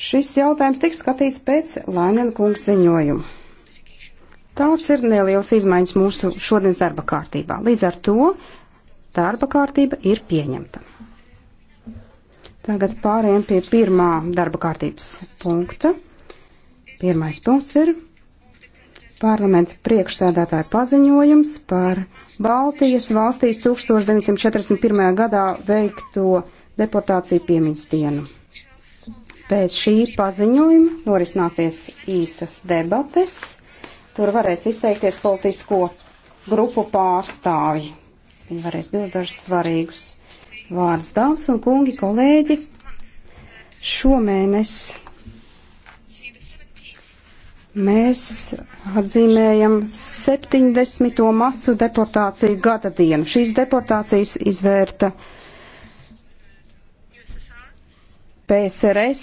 Šis jautājums tiks skatīts pēc Lainena kungs ziņojuma. Tās ir nelielas izmaiņas mūsu šodienas darba kārtībā. Līdz ar to darba kārtība ir pieņemta. Tagad pārējiem pie pirmā darba kārtības punkta. Pirmais punkts ir parlamenta priekšsēdētāja paziņojums par Baltijas valstīs 1941. gadā veikto deportāciju piemiņas dienu. Pēc šī paziņojuma norisināsies īsas debates. Tur varēs izteikties politisko grupu pārstāvji. Viņi varēs bilst dažus svarīgus vārdus. Dāmas un kungi, kolēģi, šomēnes mēs atzīmējam 70. masu deportāciju gada dienu. Šīs deportācijas izvērta. PSRS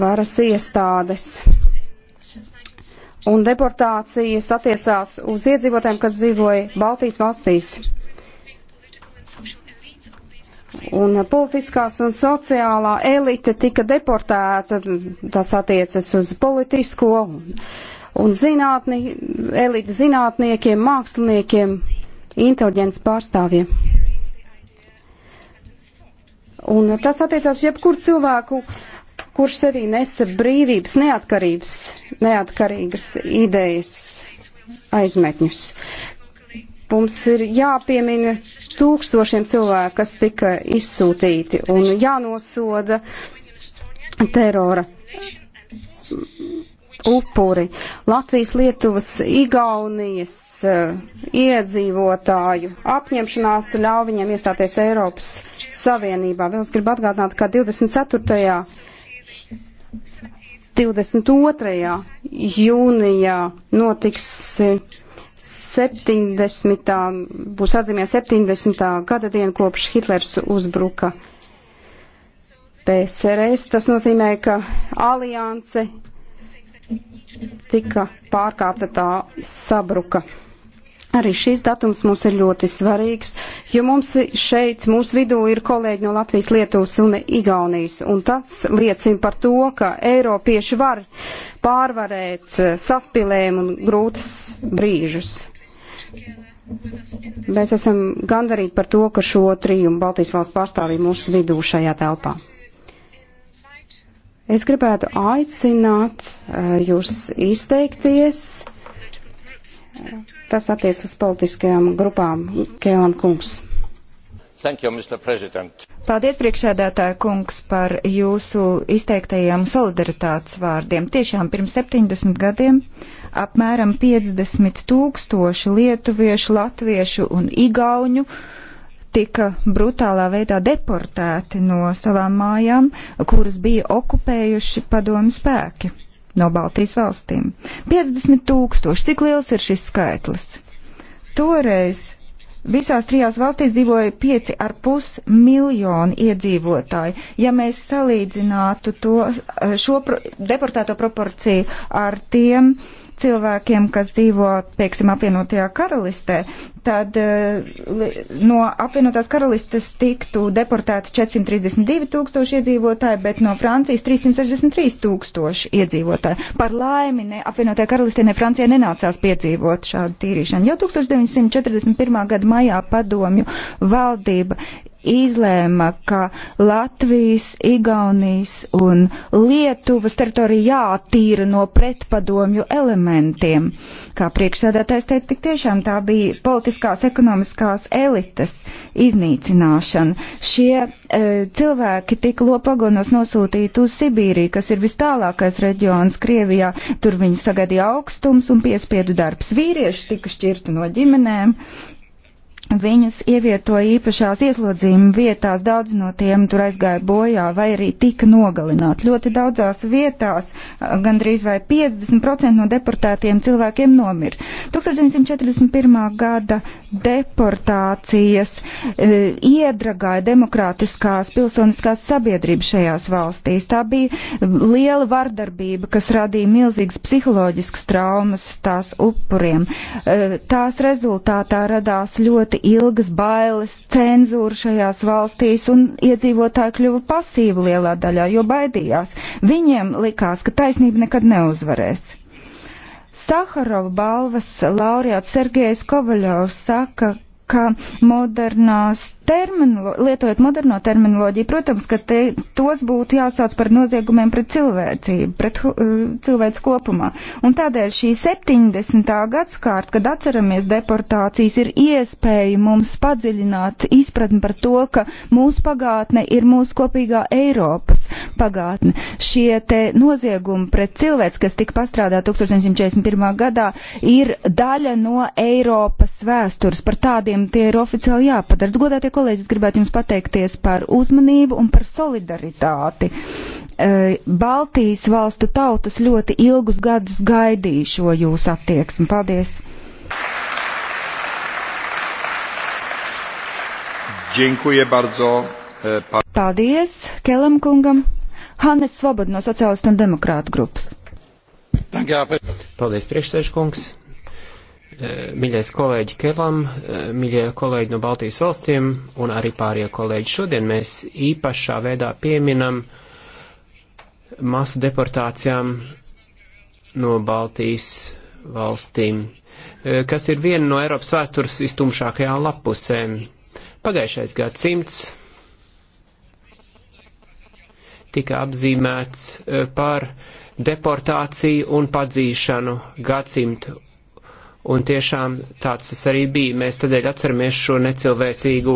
varas iestādes. Un deportācijas attiecās uz iedzīvotājiem, kas dzīvoja Baltijas valstīs. Un politiskās un sociālā elite tika deportēta, tas attiecas uz politisko un zinātni, elite zinātniekiem, māksliniekiem, inteliģents pārstāvjiem. Un tas attiecās jebkur cilvēku, kurš sevī nesa brīvības, neatkarības, neatkarīgas idejas aizmetņus. Mums ir jāpiemina tūkstošiem cilvēku, kas tika izsūtīti un jānosoda terora upuri. Latvijas, Lietuvas, Igaunijas eh, iedzīvotāju apņemšanās ļauj viņiem iestāties Eiropas Savienībā. Vēl es gribu atgādināt, ka 24. 22. jūnijā notiks 70. Eh, būs atzīmē 70. gada diena kopš Hitlers uzbruka PSRS. Tas nozīmē, ka alianse tika pārkāpta tā sabruka. Arī šis datums mums ir ļoti svarīgs, jo mums šeit, mūsu vidū ir kolēģi no Latvijas, Lietuvas un Igaunijas, un tas liecina par to, ka Eiropieši var pārvarēt eh, saspilējumu un grūtas brīžus. Mēs esam gandarīti par to, ka šo trījumu Baltijas valsts pārstāvīja mūsu vidū šajā telpā. Es gribētu aicināt eh, jūs izteikties. Tas attiec uz politiskajām grupām. Kēlam kungs. Thank you, Mr. President. Paldies, priekšsēdētāja kungs, par jūsu izteiktajiem solidaritātes vārdiem. Tiešām pirms 70 gadiem apmēram 50 tūkstoši lietuviešu, latviešu un igauņu uh, tika brutālā veidā deportēti no savām mājām, kuras bija okupējuši padomu spēki no Baltijas valstīm. 50 tūkstoši, cik liels ir šis skaitlis? Toreiz Visās trijās valstīs dzīvoja 5,5 miljoni iedzīvotāji. Ja mēs salīdzinātu to, eh, šo pro, deportēto proporciju ar tiem cilvēkiem, kas dzīvo, teiksim, apvienotajā karalistē, tad eh, no apvienotās karalistes tiktu deportēti 432 tūkstoši iedzīvotāji, bet no Francijas 363 tūkstoši iedzīvotāji. Par laimi ne apvienotajā karalistē, ne Francijā nenācās piedzīvot šādu tīrīšanu. Jau 1941. gada maijā padomju valdība izlēma, ka Latvijas, Igaunijas un Lietuvas teritorija jātīra no pretpadomju elementiem. Kā priekšsēdētājs teica, tik tiešām tā bija politiskās, ekonomiskās elites iznīcināšana. Šie e, cilvēki tika lopagonos nosūtīti uz Sibīriju, kas ir vistālākais reģions Krievijā. Tur viņus sagadīja augstums un piespiedu darbs. Vīrieši tika šķirti no ģimenēm Viņus ievietoja īpašās ieslodzījuma vietās, daudz no tiem tur aizgāja bojā vai arī tika nogalināti. Ļoti daudzās vietās, gandrīz vai 50% no deportētiem cilvēkiem nomira. 1941. gada deportācijas e, iedragāja demokrātiskās pilsoniskās sabiedrības šajās valstīs. Tā bija liela vardarbība, kas radīja milzīgas psiholoģiskas traumas tās upuriem. E, tās rezultātā radās ļoti ilgas bailes, cenzūra šajās valstīs un iedzīvotāji kļuva pasīvi lielā daļā, jo baidījās. Viņiem likās, ka taisnība nekad neuzvarēs. Saharova balvas laureāts Sergejs Kovaļovs saka, ka modernās termino, lietojot moderno terminoloģiju, protams, ka te, tos būtu jāsauc par noziegumiem pret cilvēcību, pret uh, eh, cilvēku kopumā. Un tādēļ šī 70. gadskārt, kad atceramies deportācijas, ir iespēja mums padziļināt izpratni par to, ka mūsu pagātne ir mūsu kopīgā Eiropas pagātne. Šie te noziegumi pret cilvēks, kas tika pastrādā 1941. gadā, ir daļa no Eiropas vēstures. Par tādiem tie ir oficiāli jāpadara. Godātie kolēģi, es gribētu jums pateikties par uzmanību un par solidaritāti. E, Baltijas valstu tautas ļoti ilgus gadus gaidīja šo jūsu attieksmi. Paldies! Dziękuję bardzo. E, pa... Paldies Kelam kungam. Hannes Svobod no Sociālistu un Demokrātu grupas. Paldies, priekšsēžkungs. Eh, miļais kolēģi Kelam, eh, miļie kolēģi no Baltijas valstīm un arī pārējie kolēģi. Šodien mēs īpašā veidā pieminam masu deportācijām no Baltijas valstīm, eh, kas ir viena no Eiropas vēstures vistumšākajām lapusēm. Pagājušais gadsimts tika apzīmēts par deportāciju un padzīšanu gadsimtu Un tiešām tāds tas arī bija. Mēs tādēļ atceramies šo necilvēcīgo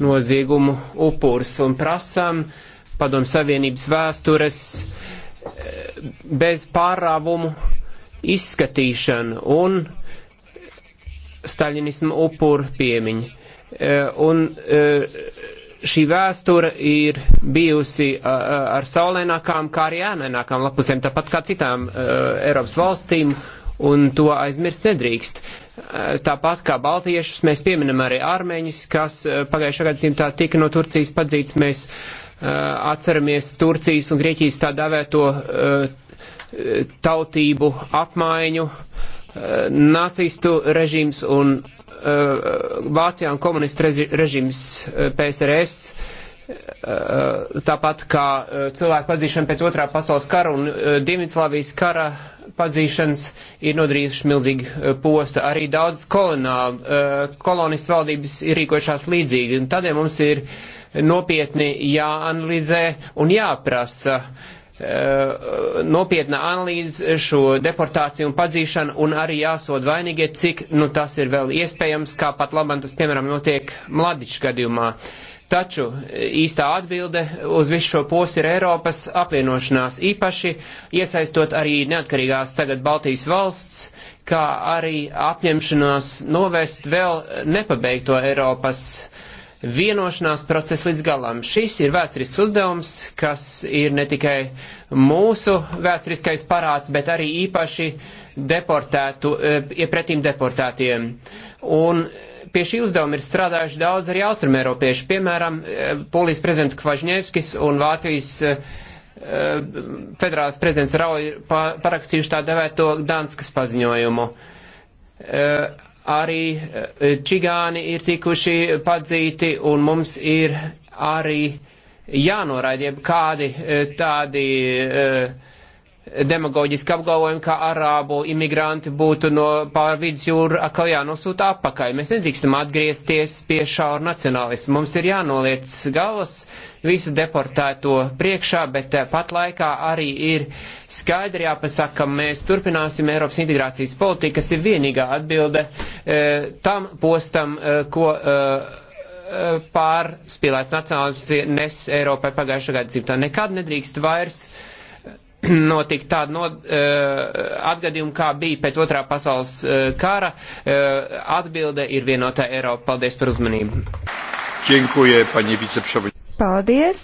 noziegumu upurs un prasām padomu savienības vēstures eh, bez pārāvumu izskatīšanu un staļinismu upuru piemiņu. Eh, un eh, šī vēsture ir bijusi ar saulēnākām, kā arī ēnainākām lapusēm, tāpat kā citām Eiropas valstīm un to aizmirst nedrīkst. Eh, tāpat kā baltiešus, mēs pieminam arī armēņus, kas eh, pagājušā gadsimtā tika no Turcijas padzīts. Mēs eh, atceramies Turcijas un Grieķijas tā dēvēto tautību apmaiņu, nacistu režīms un Vācijā un komunistu režīms PSRS Eh, tāpat kā eh, cilvēku padzīšana pēc otrā pasaules kara un eh, Dienvidslāvijas kara padzīšanas ir nodarījuši milzīgu posta. Arī daudz kolonā, kolonistu valdības ir rīkojušās līdzīgi, un tādēļ mums ir nopietni jāanalizē un jāprasa nopietna analīze šo deportāciju un padzīšanu un arī jāsod vainīgie, cik nu, tas ir vēl iespējams, kā pat labam tas, piemēram, notiek Mladiča gadījumā. Uh, Taču e, īstā atbilde uz visu šo postu ir Eiropas apvienošanās, īpaši iesaistot arī neatkarīgās tagad Baltijas valsts, kā arī apņemšanās novest vēl nepabeigto Eiropas vienošanās procesu līdz galam. Šis ir vēsturisks uzdevums, kas ir ne tikai mūsu vēsturiskais parāds, bet arī īpaši deportētu, e, iepretīm deportētiem. Un pie šī uzdevuma ir strādājuši daudz arī austrumēropieši, piemēram, eh, Polijas prezidents Kvažņevskis un Vācijas eh, eh, federāls prezidents Rau ir parakstījuši tā devēto Danskas paziņojumu. Arī čigāni ir tikuši padzīti un mums ir arī jānoraida jeb kādi tādi uh, demagoģiski apgalvojumi, ka arābu imigranti būtu no pār vidus jūru atkal jānosūta atpakaļ. Mēs nedrīkstam atgriezties pie šaura nacionalismu. Mums ir jānoliec galvas visu deportēto priekšā, bet eh, pat laikā arī ir skaidri jāpasaka, ka mēs turpināsim Eiropas integrācijas politiku, kas ir vienīgā atbilde e, tam postam, e, ko. E, pārspīlēts nacionālisms nes Eiropai pagājušā gadsimtā. Nekad nedrīkst vairs uh, notika tāda no, uh, atgadījuma, kā bija pēc otrā pasaules uh, kara. Uh, atbilde ir vienotā Eiropa. Paldies par uzmanību. Činkuje, paņi vicepršavi. Paldies.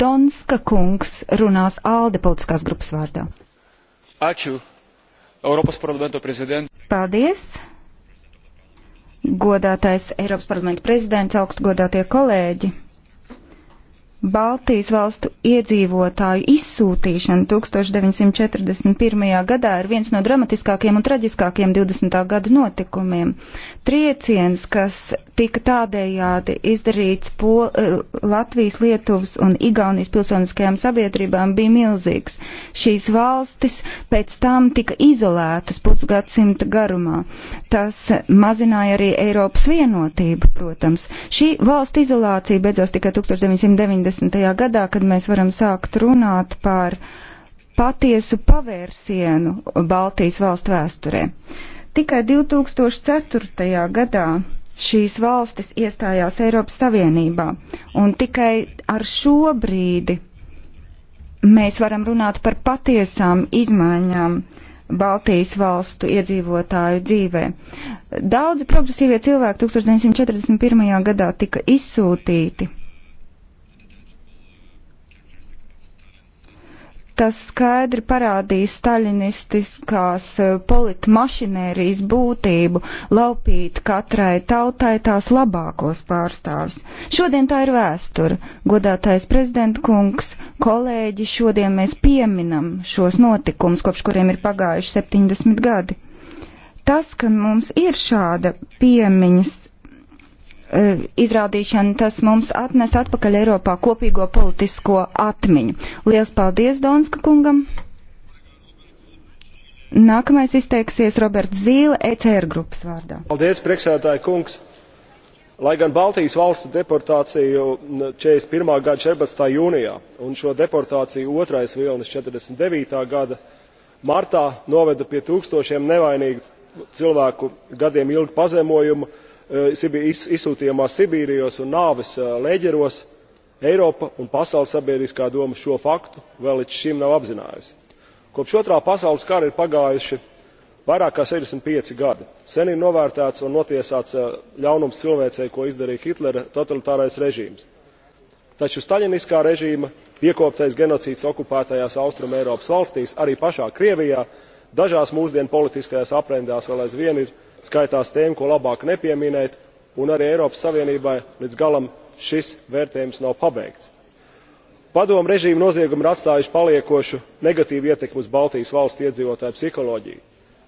Donska kungs runās ALDE politiskās grupas vārdā. Aču, Eiropas parlamento prezidents. Paldies. Godātais Eiropas parlamenta prezidents, augstgodātie kolēģi. Baltijas valstu iedzīvotāju izsūtīšana 1941. gadā ir viens no dramatiskākajiem un traģiskākajiem 20. gada notikumiem. Trieciens, kas tika tādējādi izdarīts po, e, Latvijas, Lietuvas un Igaunijas pilsoniskajām sabiedrībām, bija milzīgs. Šīs valstis pēc tam tika izolētas pusgadsimta garumā. Tas mazināja arī Eiropas vienotību, protams. Šī valstu izolācija beidzās tikai 1990. 2020. gadā, kad mēs varam sākt runāt par patiesu pavērsienu Baltijas valstu vēsturē. Tikai 2004. gadā šīs valstis iestājās Eiropas Savienībā, un tikai ar šo brīdi mēs varam runāt par patiesām izmaiņām Baltijas valstu iedzīvotāju dzīvē. Daudzi progresīvie cilvēki 1941. gadā tika izsūtīti Tas skaidri parādīja staļinistiskās e, politmašinērijas būtību laupīt katrai tautai tās labākos pārstāvjus. Šodien tā ir vēsture. Godātais prezidenta kungs, kolēģi, šodien mēs pieminam šos notikumus, kopš kuriem ir pagājuši 70 gadi tas, ka mums ir šāda piemiņas E, izrādīšana, tas mums atnes atpakaļ Eiropā kopīgo politisko atmiņu. Lielas paldies Donska kungam! Nākamais izteiksies Roberts Zīle, ECR grupas vārdā. Paldies, priekšsēdētāji kungs! Lai gan Baltijas valstu deportāciju 41. gada 14. jūnijā un šo deportāciju otrais vilnis 49. gada martā noveda pie tūkstošiem nevainīgu cilvēku gadiem ilgu pazemojumu Eh, izsūtījumās sibīrijos un nāves eh, leģeros eiropa un pasaules sabiedriskā doma šo faktu vēl līdz šim nav apzinājusi. kopš otrā pasaules kara ir pagājuši vairāk kā sešdesmit pieci gadi. sen ir novērtēts un notiesāts eh, ļaunums cilvēcei ko izdarīja hitlera totalitārais režīms taču staļiniskā režīma piekoptais genocīds okupētajās austrumeiropas valstīs arī pašā krievijā dažās mūsdienu politiskajās aprindās vēl aizvien ir skaitās tiem ko labāk nepieminēt un arī eiropas savienībai līdz galam šis vērtējums nav pabeigts. padomu režīma noziegumi ir atstājuši paliekošu negatīvu ietekmi uz baltijas valstu iedzīvotāju psiholoģiju.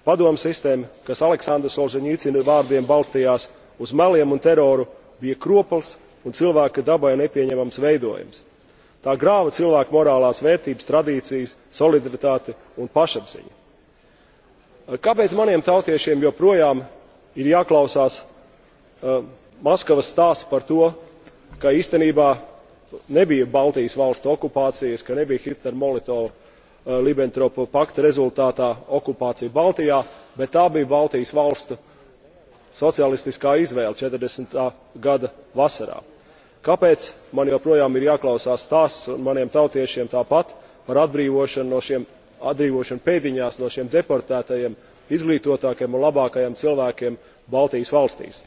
padomu sistēma kas aleksandra solženicyna vārdiem balstījās uz meliem un teroru bija kropls un cilvēka dabai nepieņemams veidojums. tā grāva cilvēku morālās vērtības tradīcijas solidaritāti un pašapziņu kāpēc maniem tautiešiem joprojām ir jāklausās eh, maskavas stāsts par to ka īstenībā nebija baltijas valstu okupācijas ka nebija hitler molotova ribbentropa eh, pakta rezultātā okupācija baltijā bet tā bija baltijas valstu socialistiskā izvēle četrdesmit gada vasarā. kāpēc man joprojām ir jāklausās stāsts un maniem tautiešiem tāpat par atbrīvošanu no šiem atbrīvošanu pēdiņās no šiem deportētajiem izglītotākajiem un labākajiem cilvēkiem baltijas valstīs.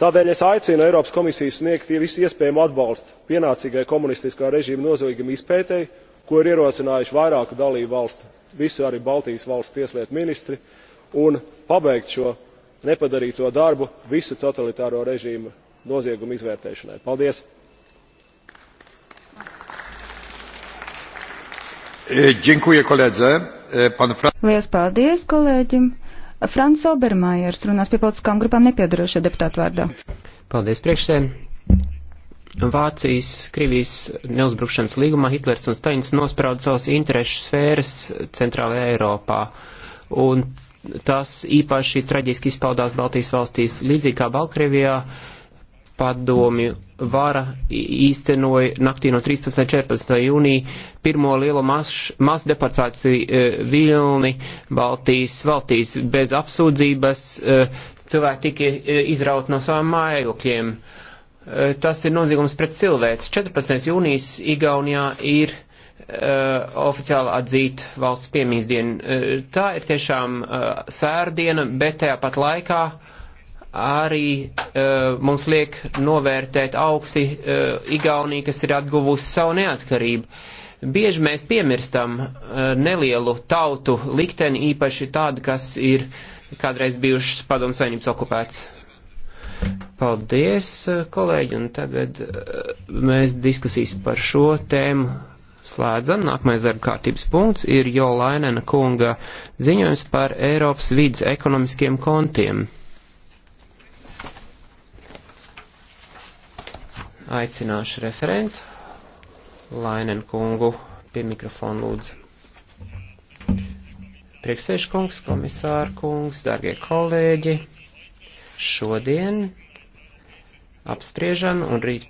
tādēļ es aicinu eiropas komisiju sniegt visu iespējamo atbalstu pienācīgai komunistiskā režīma nozieguma izpētei ko ir ierosinājuši vairāku dalību valstu visu arī baltijas valstu tieslietu ministri un pabeigt šo nepadarīto darbu visu totalitāro režīmu noziegumu izvērtēšanai. paldies! E, dziękuję koledze. E, pan Fra... Lielas paldies kolēģim. Frans Obermaiers runās pie politiskām grupām nepiedarošo deputātu vārdā. Paldies priekšsēm. Vācijas, Krievijas neuzbrukšanas līgumā Hitlers un Staļins nosprauda savas interešu sfēras centrālajā Eiropā. Un tas īpaši traģiski izpaudās Baltijas valstīs, līdzīgi kā Baltkrievijā. Uh, padomju vara īstenoja naktī no 13. 14. jūnija pirmo lielo masdeportāciju mas e, Vilni Baltijas valstīs bez apsūdzības. E, cilvēki tika e, izraut no savām mājokļiem. E, tas ir noziegums pret cilvēks. 14. jūnijas Igaunijā ir uh, oficiāli atzīt valsts piemīsdienu. Uh, e, tā ir tiešām uh, sērdiena, bet tajā pat laikā uh, arī uh, mums liek novērtēt augsti uh, eh, Igauniju, kas ir atguvusi savu neatkarību. Bieži mēs piemirstam uh, nelielu tautu likteni, īpaši tādu, kas ir kādreiz bijušas padomu saimnības okupēts. Paldies, kolēģi, un tagad uh, mēs diskusijas par šo tēmu slēdzam. Nākamais darba kārtības punkts ir Jo Lainena kunga ziņojums par Eiropas vidas ekonomiskiem kontiem. aicināšu referentu Lainen kungu pie mikrofona lūdzu. Priekšsēžu kungs, komisāru kungs, dārgie kolēģi, šodien apspriežam un rīt